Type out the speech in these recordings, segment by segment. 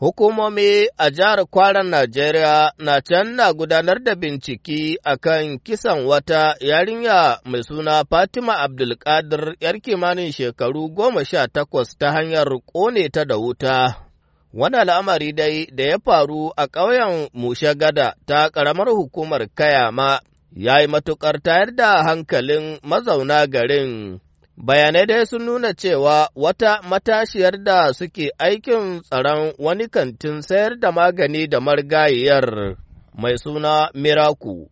Hukumomi a jihar Kwara Najeriya na can na gudanar da binciki a kan kisan wata yarinya mai suna Fatima Abdulkadir ‘yar kimanin shekaru goma sha takwas ta hanyar ƙone ta da wuta. Wani al'amari dai da ya faru a ƙauyen Mushagada ta ƙaramar hukumar Kayama ya yi matuƙar tayar da hankalin mazauna garin. Bayanai dai sun nuna cewa wata matashiyar da suke aikin tsaron wani kantin sayar da magani da margayiyar mai suna Miraku,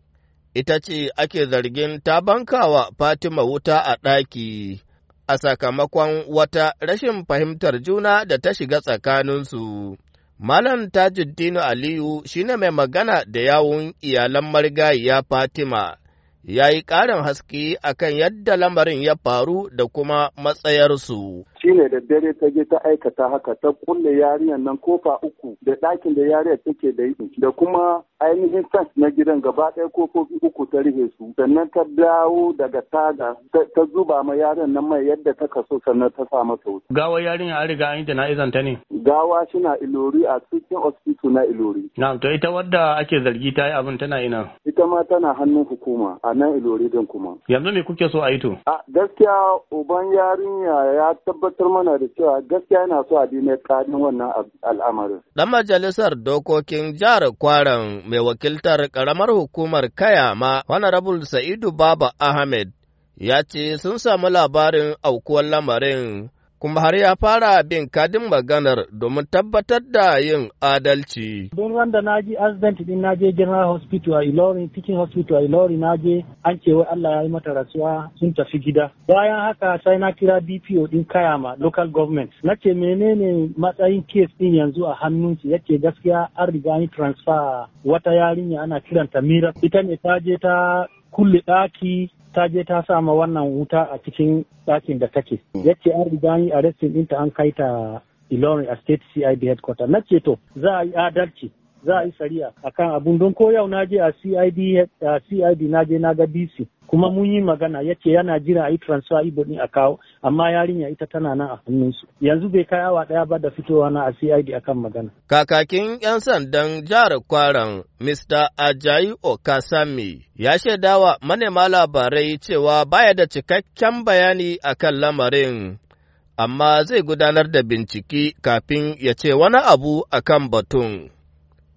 ita ce ake zargin ta bankawa Fatima wuta a ɗaki a sakamakon wata rashin fahimtar juna da ta shiga tsakaninsu. Malam Tajuddinu Aliyu shine mai magana da yawun iyalan margayiya Fatima, ya yi ƙarin haske akan yadda lamarin ya faru da kuma matsayarsu. shine da dare ta je ta aikata haka ta kulle yarinyar nan kofa uku da ɗakin da yariyar take da yi. da kuma ainihin fence na gidan gaba ɗaya kofofi uku ta rufe su sannan ta dawo daga taga ta zuba ma yaron nan mai yadda ta kaso sannan ta sa masa wuta. Gawa yarinya an riga an yi jana'izan ta ne? Gawa shina ilori a cikin hospital na ilori. Na to ita wadda ake zargi ta yi abin tana ina? Ita ma tana hannun hukuma a nan ilori din kuma. Yanzu me kuke so a yi to? A gaskiya uban yarinya ya tabbatar tabbatar mana da cewa gaskiya yana so a bi dina kadin wannan al'amarin. Dan majalisar dokokin jihar Kwaran mai wakiltar karamar hukumar Kayama, Honorable Sa'idu Baba Ahmed, ya ce sun samu labarin aukuwar lamarin kuma har ya fara bin kadin maganar domin tabbatar da yin adalci. Don wanda na ji accident din na je General Hospital a Ilorin Tikin Hospital a Ilorin na je an ce Allah ya yi mata rasuwa sun tafi gida. Bayan haka sai na kira BPO din Kayama local government. Na ce menene matsayin case din yanzu a hannun shi yake gaskiya an riga ni transfer wata yarinya ana kiranta Mira. Ita ne ta je ta kulle ɗaki ta je ta sama wannan wuta a cikin ɗakin da take hmm. yace an riga yi arrestin ɗinta an kai ta Ilorin a state CID headquarter na ce to za a yi adalci za a yi shari'a akan abun don ko yau na je a CID na je na ga DC kuma mun yi magana ya ce yana jira a yi transfer ibo ne a kawo amma yarinya ita tana nan a hannunsu yanzu bai kai awa daya ba da fitowa na a CID akan magana kakakin yan sandan jihar Kwaran Mr. Ajayi Okasami ya shaidawa manema labarai cewa baya da cikakken bayani akan lamarin amma zai gudanar da bincike kafin ya ce wani abu akan batun.